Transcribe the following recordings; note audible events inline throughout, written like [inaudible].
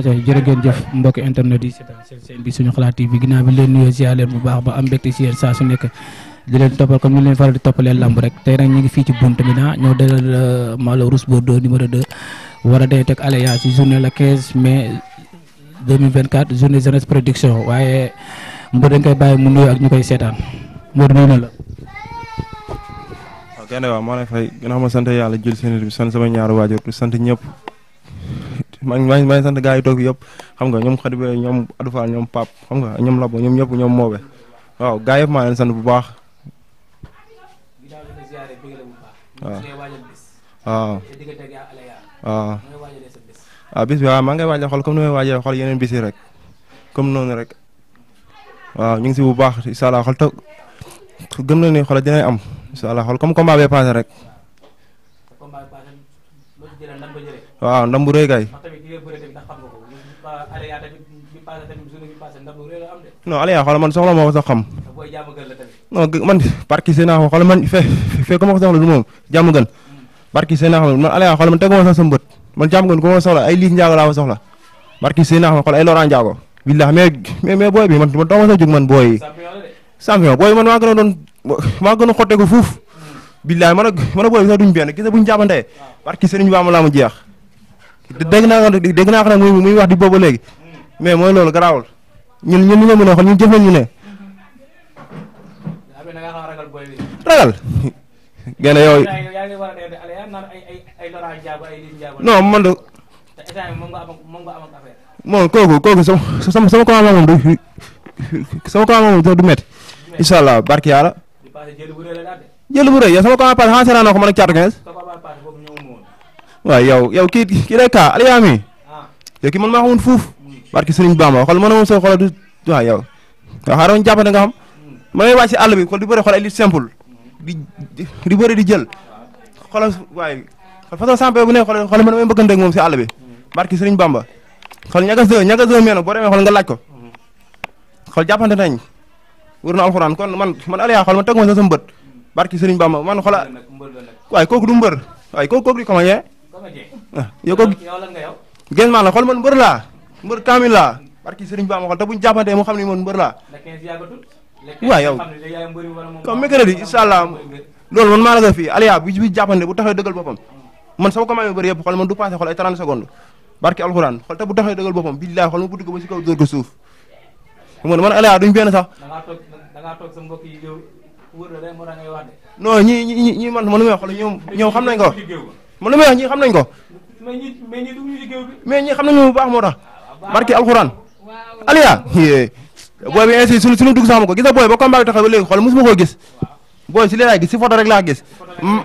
aca jërë ngeen jëf mbokki internet yi seetaan seen seen bi suñu xalaat TV ginnaaw bi leen nuyoo ziar leen bu baax ba am mbégte si saa su nekk di leen toppal comme ni leen di toppalee lamb rek tey nag ñu ngi fii ci bunt mi naa ñoo dalal euh, Malo Rouge Bordeaux numéro 2 war a day teg Alaya ci journée la 15 mai 2024 journée jeunesse production waaye mbër dañ koy bàyyi mu nuyu ak ñu koy seetaan Modou nuyu na la. waaw kenn waaw maa lay fay ma sant yàlla jël seen bi sant sama ñaari waajur di sant ñëpp maa ngi maa sant gars yi toog yëpp xam nga ñoom Khady Ba ñoom Adou ñoom Pape xam nga ñoom Labo ñoom ñëpp ñoom Mobe waaw yëpp maa leen sant bu baax. waaw waaw bis bi waaw ah, maa ngay waaj a xool comme ni may waajee xool yeneen bis rek comme noonu rek waaw ah, ñu ngi si bu baax incha allah xool te gëm na ni xool am incha allah xool comme combat bee passé rek waaw ndam kay. non Aliou yaa man soxla moo ko xam. non man barki seen naa xool man fe fekk ma ko soxla du moom jàmm gan barki seen naa xool man Alioune xool man tegu ma sax sama bët man jàmm gan ku ma soxla ay liis njaago laa ko soxla barki seen naa xool ay Laurent Ndiago. billah mais mais mais booy bi man man doo ma sax jóg man booy yi. a doon maa gën a xotteeku fuuf. billah man ak man ak booy bi sax duñ benn gis nga buñ jàppante barki Serigne Bamba laa naa ko dégg naa ko nag muy muy wax di boobu léegi mais mooy loolu garaawul ñun ñun li nga mën a xool ñun jëf nañu ne ragal. gën a yooyu non moom kooku kooku sama sama commande moom du sama commande du métti. incha allah barki yàlla. jël bu rëy yow sama commande paase xanaa seeraan ko mën a caatu 15. waaw yow yow kii kii day kaa Aliou mi ah. kii man maa xamoon fuuf. barki Sëriñ Bamba xool mën a moom soo xoolal du waaw yow. waaw xaaral ma jàpp nga xam. Mm. ma ngi wàcc si bi xool du bëri xool ay li simple. di di bëri di jël xoolal waaye façon champion bu ne xoolal xoolal man damay mbëkkante ak moom si àll bi barki Sëriñ Bamba xool ñagas de ñagas de meenu boo demee xool nga laaj ko xool jàppante nañ wër na alxuraan kon man man Aliou yaa xool man teg ma sa sama bët barki Sëriñ Bamba man xoola waaye kooku du mbër waaye kooku kooku di comment yee ah, yow kooku gén maa la xool mbër laa mbër kaamil laa barki Sëriñ Bamba xool te buñ jàppante mu xam ne man mbër laa waaw yow comme mercredi incha allah loolu man maa la ko fii Aliou bi bi jàppande bu taxee dëggal boppam mm. man sama commande yu bëri yëpp xool du passé xool ay 30 secondes alxuraan xool te bu taxee dëggal boppam billaay xool ma buddi ko si kaw dóor ko suuf xam nga man Aliou duñ benn sa mbokk yi yow wër ñi ñi ñi man man lu may wax xool ñoom ñoom nañ ko man lu may wax ñi xam nañ ko. mais ñi mais ñi dugg ñu ah, alxuraan Aliou [laughs] booy bi instant suñu suñu dugg sax ma ko gis nga booy ba combat bi taxaw ba léegi xool mosuma koo gis booy si li laay gis si photo rek laa gis mm.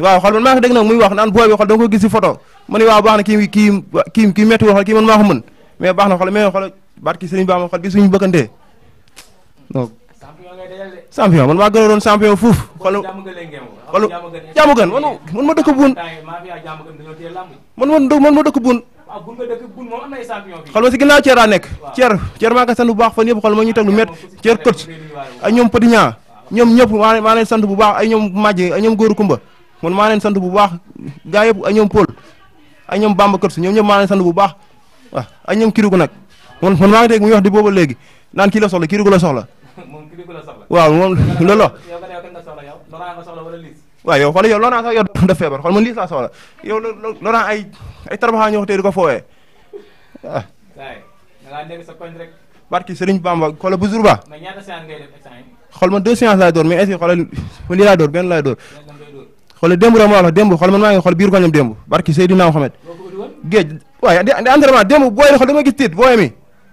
waaw xool man maa ngi dégg muy wax naan booy bi xool da nga ko gis si photo ma ne waaw baax na kii kii kii kii métti xool kii man maa ko mën mais baax na xool mais xool barki sëriñ Ba ma xool bi suñu bëkkantee non champion man maa gën a doon champion fuuf xool man man dëkk buun man man dëkk buun waaw ah, bun nga dëkk bun moom am na ay champion bi xool ma si ginnaaw Thier laa nekk Thier Thier bu baax fan yëpp xool ma ñuy teg lu métti ah, Thier kët ay ñoom Ñaa ñoom ñëpp maa maa bu baax ay ñoom Madje ay ñoom Góoru Kumba man maa leen sant bu baax gaa yëpp ay ñoom Paul ay ñoom Bamba kët ñoom ñëpp maa leen bu baax ah, ay ñoom kirigu nag man man maa ngi dégg muy di booba léegi naan kii la soxla kirigu [laughs] la soxla waaw moom loolu waaw yow xool yow Laurent sax yow daf ay ñoo wax tey ko foowee ah. waaw sa Bamba xoolal bu ba. mais ñaata séance ngay a examen. xool man deux séances laay door mais est-ce que xoolal man lii laay door benn laay door. xoolal démb rek ma wax démb xool man maa ngi xool biir koñam démb barki Seydina Mohamed. géej waaye di entraînement démb booy xool dama gis tiit booy mi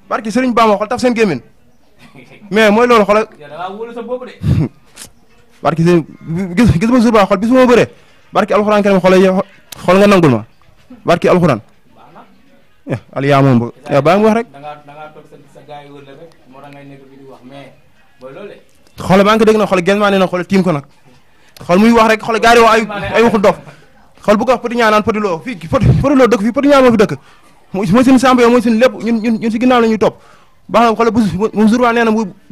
barki Serigne Bamba xool taf seen gémmiñ [laughs] mais mooy loolu xoolal. [laughs] barki si gis gis ma suur baa xool bis ma bëree barki alxuraan karim xool xool nga nangul ma barki alxuraan eh, aliyaa moom ba nag xool genn maa ne na tiim ko nag xool muy wax rek xool gaari wax ay ay dof xool bu ko wax poti ñaa naan poti loo fii loo dëkk fi dëkk mooy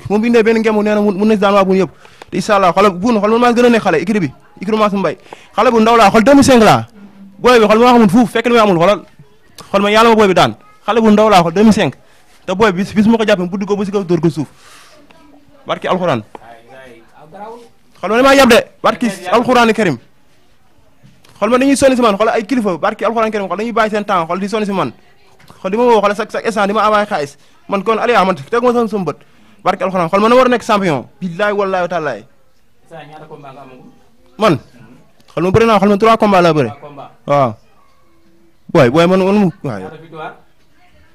moom bi indee benn ngemu nee mun na si daan waa bu yëpp te incha allah xoolal buun xool man maa gën a nekk xale ikri bi ikri Mansour Mbaye xale bu ndaw laa xool 2005 laa booy bi xool maa xamul fuuf fekk na ma amul xoolal xool ma yàlla ma booy bi daan xale bu ndaw laa xool 2005 te booy bi bis ma ko jàppee buddi ko ba si kaw dóor ko suuf barki alxuraan xool ma ne maa yab de barki alxuraan karim xool ma dañuy sonni si man xool ay kilifa barki alxuraan karim xool dañuy bàyyi seen temps xool di sonni si man xool di ma woo xool barke alxuraan xool ma na war a nekk champion. billaay wallaay taalaay. saa ñaata man xool ma bëri naa xool ma trois combat laa bëri. waaw. booy man man mu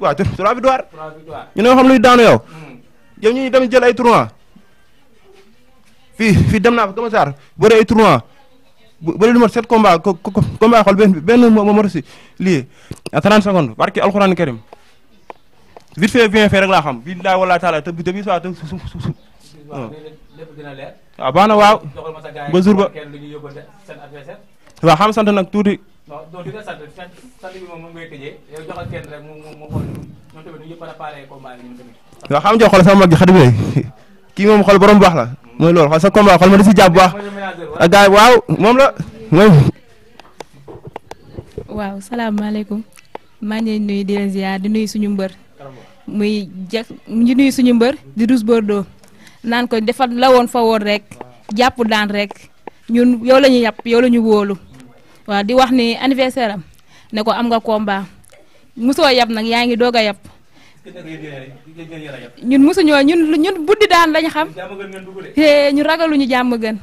waaw. trois victoire. ñu daanu yow. yow ñu dem jël ay tournoi. fii fii dem naa fa ay tournoi bu lu mat sept combat ko combat xool benn benn moo moo si lii barke alxuraan karim vite fait bien fait rek laa xam billaay walaay taala te te bii soit suuf suuf suuf. waaw ah. Ah, baax na waaw. doxal ma sa gars yi ba jour ba kenn lu ñuy waaw xam sant nag tuuti. waaw xam nga xool sama mag ji kii moom xool borom baax la mooy loolu xool sa combat xool ma da si jàpp baax ak gars waaw moom la waaw salaamaaleykum maa ngi leen di nuyu di leen ziar di mu jag ñu nuyu suñu mbër di Douze doo naan ko dafa la woon fa woon rek jàpp daan rek ñun yow la ñu yàpp yow la ñu woolu waa di wax ni anniversaire am ne ko am nga combat mosoo yàpp nag yaa ngi doog a yàpp ñun mosuñoo ñun ñun buddi daan lañ xam te ñu ragaluñu jàmm gën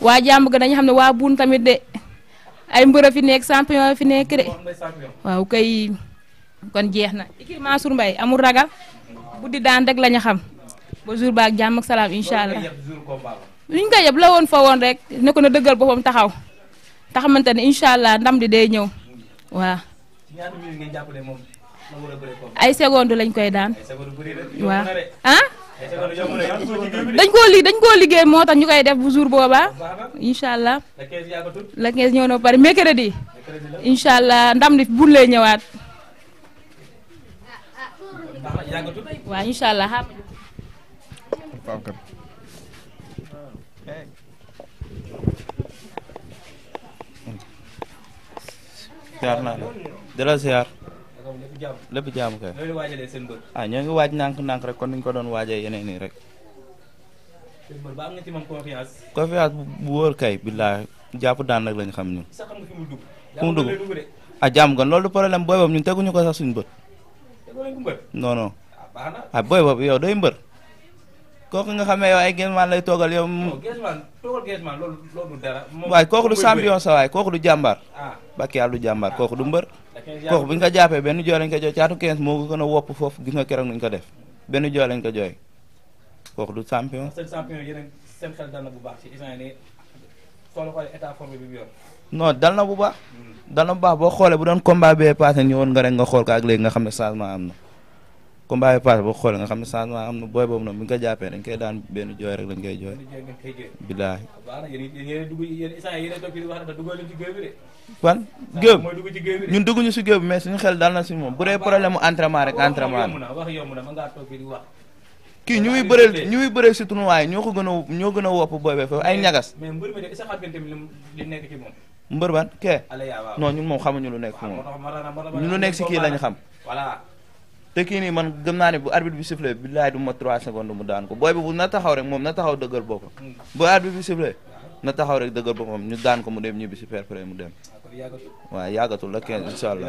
waa jàmm gën dañu xam ne waa bun tamit de ay mbër a fi nekk champion fi nekk de kay kon jeex na ikir Mansour Mbaye amul ragal bu di daan rek la ñu xam ba jour baak jàmm ak salaam incha allah luñ ko yëpp la woon fa woon rek ne ko na dëggal boppam taxaw te xamante ne incha allah ndam di day ñëw waaw. ay seconde lañ koy daan. waaw ah. dañ koo li dañ koo liggéey moo tax ñu koy def bu jour booba incha allah. la ñëw na ba pare mercredi. incha allah ndam di bu lay waaw incha allah siyaar naa la dala siyaar lépp jaamu kay ah ñoo ngi waaj nànk-nànk rek kon niñ ko doon waajee yeneen nii rek confiance bu wóor kay billaahi jàpp daan rek lañu xam ñun fu mu dugg ah jàmm gan loolu du problème booy boobu ñun teguñu ko sax suñ bët non non ah, ah booy boobu yow doy mbër. kooku nga xam ne yow ay Géejamaan lay toogal yow. waaye kooku du champion sa waay kooku du jàmbaar. Ah. bakki yàlla du jàmbaar ah. kooku du mbër. kooku bi nga ko jàppee benn jooy lañ ko jooy caatu 15 moo gën a wopp foofu gis nga keroog ñu ko def benn jooy lañ ko jooy kooku du champion. seen xel dal na bu baax ci non dana baax boo xoolee bu doon combat bee passé ñëwoon nga rek nga xool ko ak léegi nga xam ne changement am na combat bee passé boo xoolee nga xam ne changement am na booy boobu noonu bu ñu ko jàppee dañ koy daan benn jooy rek lañ koy jooy. billaahi. wan géew ñun dugg ñu si géew bi mais suñu xel dal na si moom bu dee ah, problème mu entraînement rek ah, entraînement la. kii ñu muy bëreel ñu muy bëreel si ñoo ko gën ñoo gën a wopp booy bee foofu ay ñagas. mbër baan kee ah, non ñun moom xamuñu lu nekk ah, moom ñu lu nekk si kii lañ xam te kii man gëm naa ne bu arbitre bi sifflé billaay du ma trois secondes mu daan ko booy bi bu na taxaw rek moom na taxaw dëggal boppam hmm. bu arbitre bi sifflé na taxaw rek dëggal boppam ñu daan ko mu dem ñibbi si perpre mu dem ah, waaw yàggatul la kenn incha allah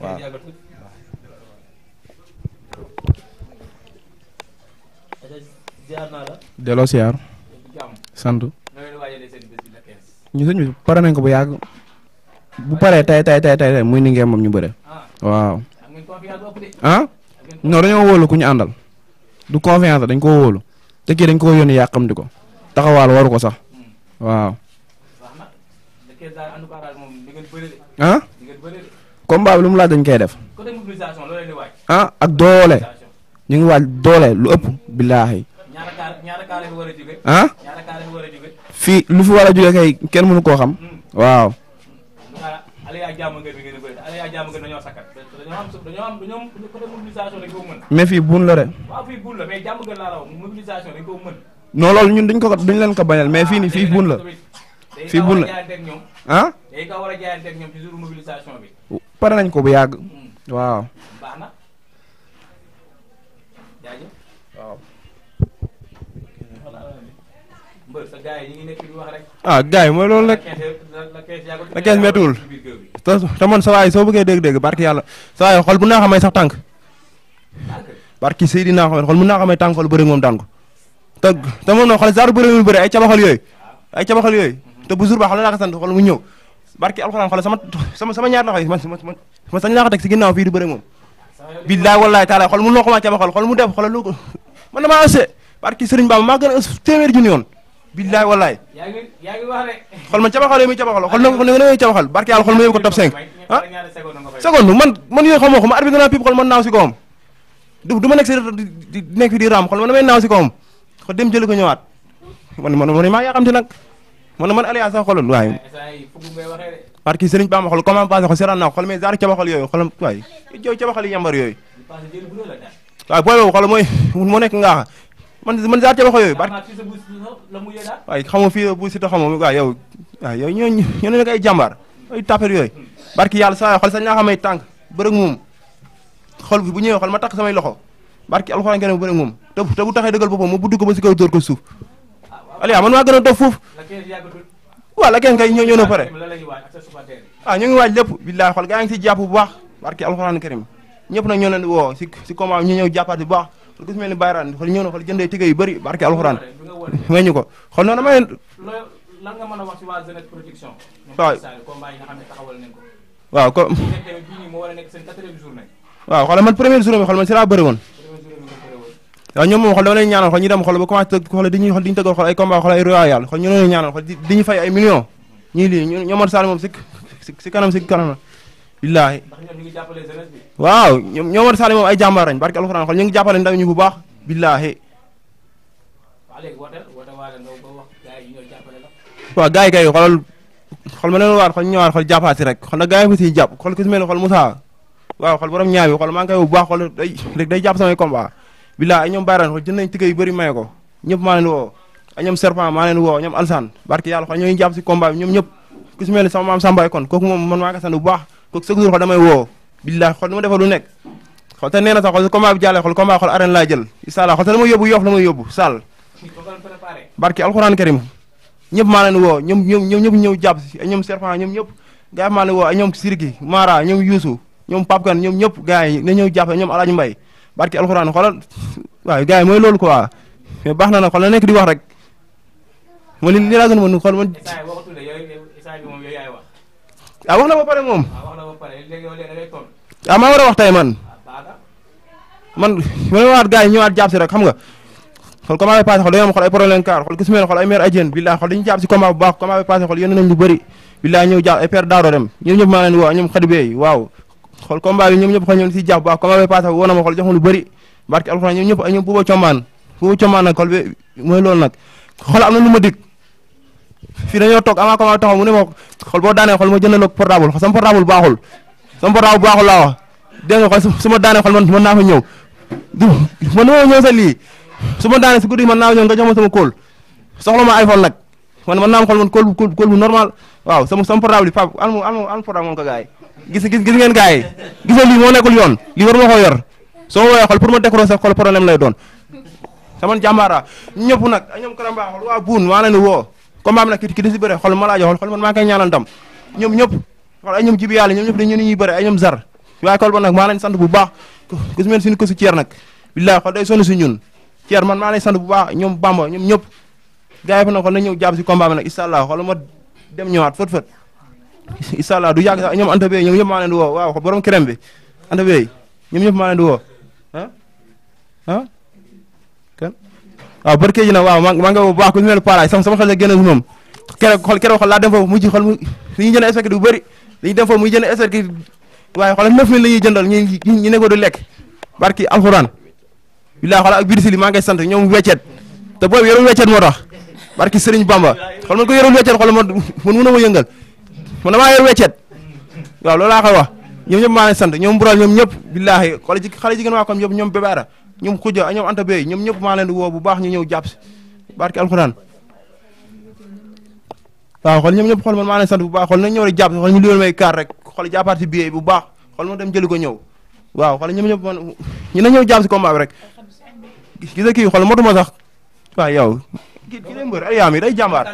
waaw delloo siyaar sant ñu sëñ bi pare nañ ko bu yàgg bu paree tay tay tay tay muy ni ngeen moom ñu bëre ah. waaw ah non dañoo wóolu ku ñu àndal du confiance dañ koo woolu te kii dañ koo yónni di ko taxawaal waru ko sax hmm. waaw. ah combat bi lu mu laaj dañ koy def ah ak doole ñu ngi waaj doole lu ëpp billaahi ah. fii lu fi war a jógee kay kenn mënu koo xam hmm. waaw. mais fii buun la rek. non loolu ñun duñ ko duñ leen ko bañal mais fii ni fii buun la. fii buun la ah. pare nañ ko bu yàgg hmm. waaw. ah gars yi mooy loolu rek la kees mettiwul te te man sa waay soo bëggee dégg-dégg barki yàlla sa waay xol bu naa xamay sax tànk barki sëy di naa xamay xol mun naa xamay tànk xol bëri moom daan ko te te moom nag xol saaru bëri bu jour ba xol naa ko sant xol mu ñëw barki alxuraan xol sama sama sama ñaar loxo yi man ma sañ naa ko teg si ginnaaw fii di bëri moom billaay wallaay taalaay xol mun noo xamaa cabaxal xol mu def xol lu ko man damaa barki sëriñ Bamba maa gën a ës téeméer yoon billaay wallaay. yaa ngi yaa ngi wax de. xool man cabaxal yi muy cabaxal xool na nga na nga cabaxal barke yàlla xool ma yóbbu ko top 5. ah seconde man man yooyu xamoo ko ma arbitre naa pip xool naaw si kawam. du du ma nekk si di nekk fi di raam xool man damay naaw si kawam xool dem jëli ko ñëwaat man man man maa yaa xam te nag man man Alioune sax xoolal waaye. Eh, parce que Serigne yooyu xool waaye yi yambar yooyu. waaw booy boobu xool mooy mu nekk man man daal ca wax yooyu. barke waaye xam nga fii bu si taxaw moom waaw yow waaw yow ñooñu ñoo nekk ay jàmbaar ay tapet ñaa xamay tànk bërëg moom xool bu ñëwee xool ma takk samay loxo barki alxuraan kenn bu bërëg moom te te bu taxee dëggal boppam mu buddu ko ba si kaw dóor ko suuf. Aliou ah, man maa gën a dof foofu. waaw la kenn kay ñoo ñoo na pare. ah gaa ngi si jàpp bu baax barki alxuraan karim ñëpp nag ñoo leen woo ñu ñëw jàppaat bu baax xool gis mel ni bayraan xool ñëw na xool jëndee tigga yu bëri barke alxuraan meññu ko xool noonu may lan nga mën a wax ci waa waaw combat yi nga waaw ko waaw xoolal man première journée bi xool man woon waaw ñoom moom xool dama leen ñaanal xool ñu dem xool ba commencé xool di ñuy xool di ñu tëggal xool ay combat xool ay royal xool ñu leen ñaanal xool di ñu fay ay millions ñuy lii ñoom moom si si kanam si kanam la billaahi waaw ñoom ñoo war saali moom ay jàmbaar lañ barke alxuraan xool ñu ngi jàppale ndaw ñu bu baax billaahi waaw gars yi kay xoolal xool ma leen waar xool ñëwaar xool jàppaati rek xool na gars yi si mel ne xool Moussa waaw xool borom ñaaw bi xool maa bu baax xool day rek day jàpp samay combat billaahi ay ñoom bayran xool jënd nañ tikke yu bëri maye ko ñëpp maa leen woo ay ñoom serpent maa leen woo ñoom alsaan barke yàlla xool ñooñu jàpp si combat bi ñoom ñëpp ku sama maam Samba Ekon kooku moom bu baax kooku chaque jour xool damay woo billahi xool nu ma defal lu nekk xool te nee na sax xool combat bi jàllee xool combat xool arène laa jël incha allah xool te la ma yóbbu yoof la ma yóbbu sall barki alxuraan karim ñëpp maa leen woo ñoom ñoom ñoom ñëpp ñëw jàpp si ñoom serpent ñoom ñëpp gars yi maa leen woo ñoom sirgi mara ñoom yuusu ñoom papkan ñoom ñëpp gars yi na ñëw jàpp ñoom alaaj mbay barki alxuraan xoolal waaw gars yi mooy loolu quoi mais baax na na xool la nekk di wax rek ma li li laa gën a mën xool man ah wax na ba pare moom ah, ah maa war a wax tey man ah, man ma ne waxaat gars yi ñëwaat jàpp si rek xam nga xool combat bi passé xool dañoo am xool ay problème car xool gis lu bëri billaay ñëw jàpp ay père waaw xool combat bi ñoom ñëpp xool ñoom si jàpp bu baax combat bi passé woo na ma xool lu bëri barki alxuraan ñoom ñëpp lu ma dig fii dañoo toog avant comment taxaw mu ne ma xool boo daanee xool ma jëndal ak portable sama portable baaxul sama portable baaxul laa wax ma daanee xool man mën naa fa ñëw du man ma ñëw sa lii su ma daanee si guddi man naa fa ñëw nga jox ma sama kóol soxla ma iPhone nag man mën naa am xool man kóol kóol bu normal waaw sama sama portable bi Pape al mu al mu al mu portable moom ko gars yi gis gis gis ngeen gars yi gis lii moo nekkul yoon lii war ma koo yor soo ma woowee xool pour ma décrocher xool problème lay doon sama jàmbaara ñëpp nag ñoom karamba xool waa buun maa leen woo combat bi nag ki ki di si bëre xool ma laa jox xool man maa ngi koy ñaanal ndam ñoom ñëpp ay ñoom jibi yàlla ñoom ñëpp dañu ñuy bëre ay ñoom zar waaye xool ba nag maa lañ sant bu baax ku si mel suñu ceer nag billaay xool day sonn si ñun ceer man maa lañ sant bu baax ñoom bamba ñoom ñëpp gars yi fa nag xool na ñëw jàpp si combat bi nag incha allah xool ma dem ñëwaat fët fët incha allah du yàgg sax ñoom anta bey ñoom ñëpp maa leen di woo waaw borom crème bi anta bey ñoom ñëpp maa leen di woo ah ah. waaw barke ji na waaw maa maa ngi bu baax ku ñu leen paaraay sama sama xel la gën a moom keroog xool keroog xool laa dem foofu mujj xool mu li ñuy jënd spectacle bëri li dem foofu muy jënd spectacle waaye xoolal neuf mille la ñuy jëndal ñu ñu ne ko du ñoom a ma yëngal weccet waaw loolu laa koy wax ñoom ñëpp maa ngi sant ñoom bural ñëpp billaahi xoolal jigéen waa comme ñoom ñoom bébaara ñoom xuja ñoom Anta Bey ñoom ñëpp maa leen woo bu baax ñu ñëw jàpp si barke alxuraan waaw xool ñoom ñëpp xool man maa leen bu baax xool ñëw rek jàpp si xool ñu luwal may kaar rek xool jàppaat si billet bu baax xool ma dem jëli ko ñëw waaw xool ñoom ñëpp man ñu na ñëw jàpp si combat bi rek gis nga kii xool motuma sax waaw yow kii kii lay mbër Aliyaa mi day jàmbaar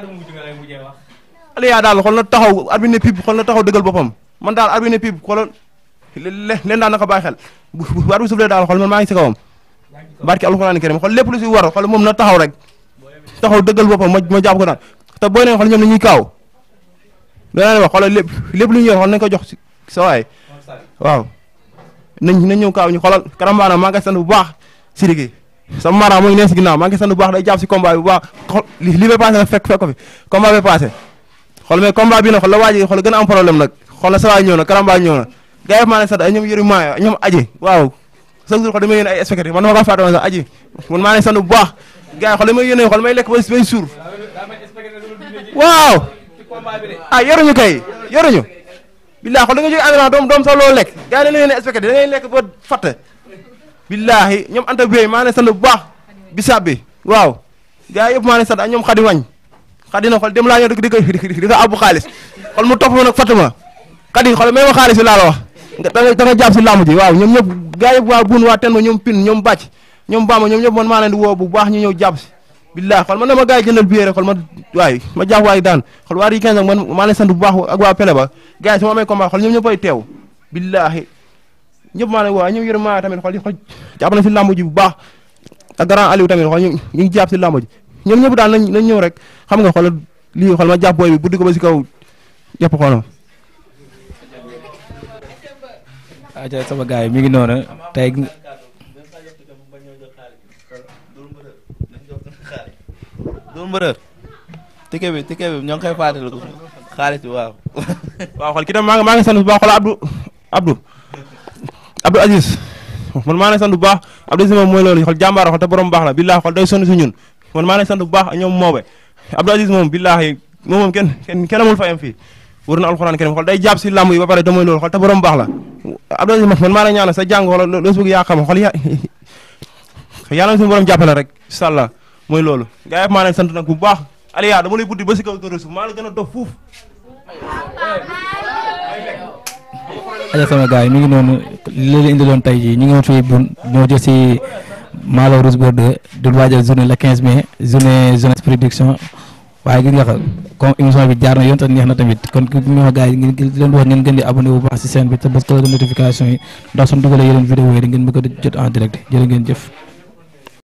Aliyaa daal xool na taxaw arbitre ne pib xool na taxaw dëggal boppam man daal arbitre ne pib xool leen daal na ko bàyyi xel bu arbitre suuf daal xool man maa ngi si kawam barki alxuraan karim xool lépp lu na ma ma jàpp ko naan te booy ne xool ñoom dañuy lu ñu yor xool nañ ko jox sa waay waaw nañ nañ ñëw kaaw ñu xoolal karambaana maa ngi sant bu baax sirigi sama mara mu nee si ginnaaw maa ngi sant bu baax day jàpp si combat bi bu baax xool li ba passé nag fekk fekk ko fi combat bi passé xool mais bi nag xool la waa gën a am problème nag xool na sa waay ñëw na karamba ñëw na gars yi maa ne sant a ñoom yëri maa ñoom aji waaw chaque jour xool damay yéene ay spectateur man dama kaa fàtte woon sax aji man maa ngi sant bu baax gars yi xool damay yéene xool may lekk ba bay suur waaw ah yoruñu kay yoruñu billaahi xool da nga jóge environ doom doom sax loolu lekk gars yi dañ la yéene spectateur da ngay lekk ba fàtte billaahi ñoom anta bey maa ngi sant bu baax bisaab bi waaw gars yi yëpp maa ngi sant ak ñoom xadi wañ xadi na xool dem laa ñëw di ko di ko abbu xaalis xool mu topp ma nag fàtte ma xadi xool may ma xaalis laa la danga danga jàpp si làmb ji waaw ñoom ñëpp gaa yëpp waa buun waa ten ma ñoom pin ñoom bàcc ñoom bamba ñoom baax ñu ñëw jàpp ma waay ma jàpp waay daan bu baax ak ba gaa yi ñëpp ay teew billaahi ñëpp maa leen woo ñoom yërëm maa tamit xol xol ñu ngi jàpp si làmb ji ñoom ñëpp daal nañ nañ ñëw rek xam nga xol lii xol ma jàpp booy bi buddi ko ba si kaw jàpp xolam aca sama gars yi mi ngi noonu tey dóor mbërër tike bi tike bi ñoo ngi koy fàttali ko xaalis bi waaw waaw xool ki tam maa ngi maa ngi sant bu baax xool Aziz man maa sant bu baax Abdou Aziz moom mooy la billaahi xool day sonn si ñun man maa sant bu baax ñoom moobe Abdou Aziz moom billaahi moom moom kenn kenn fayam fii wër na alxuraan karim xool day jàpp si làmb yi ba pare damay loolu xool te borom baax la Abdoulaye Mas man maa la sa jàng xool loo si bëgg yaa xam xool yaa [laughs] yàlla na suñu borom jàppale rek sàlla mooy loolu gars yi maa leen nag bu baax Aliya dama lay buddi kaw kër suuf maa la gën a dof fuuf yi mi ngi noonu li leen indiloon tey jii ñu ngi woon fii bun ñoo jël si Malo Rouge Bordeaux di waajal journée le 15 mai journée jeunesse production waaye gis nga xam comme émission bi jaar na yoon te neex na tamit kon ki ñoo gars yi ngeen di wax ngeen gën di abonné bu baax si chaîne bi te bës ko notification yi ndax suñu dugalee yeneen vidéo yi da ngeen mën ko en direct jërë ngeen jëf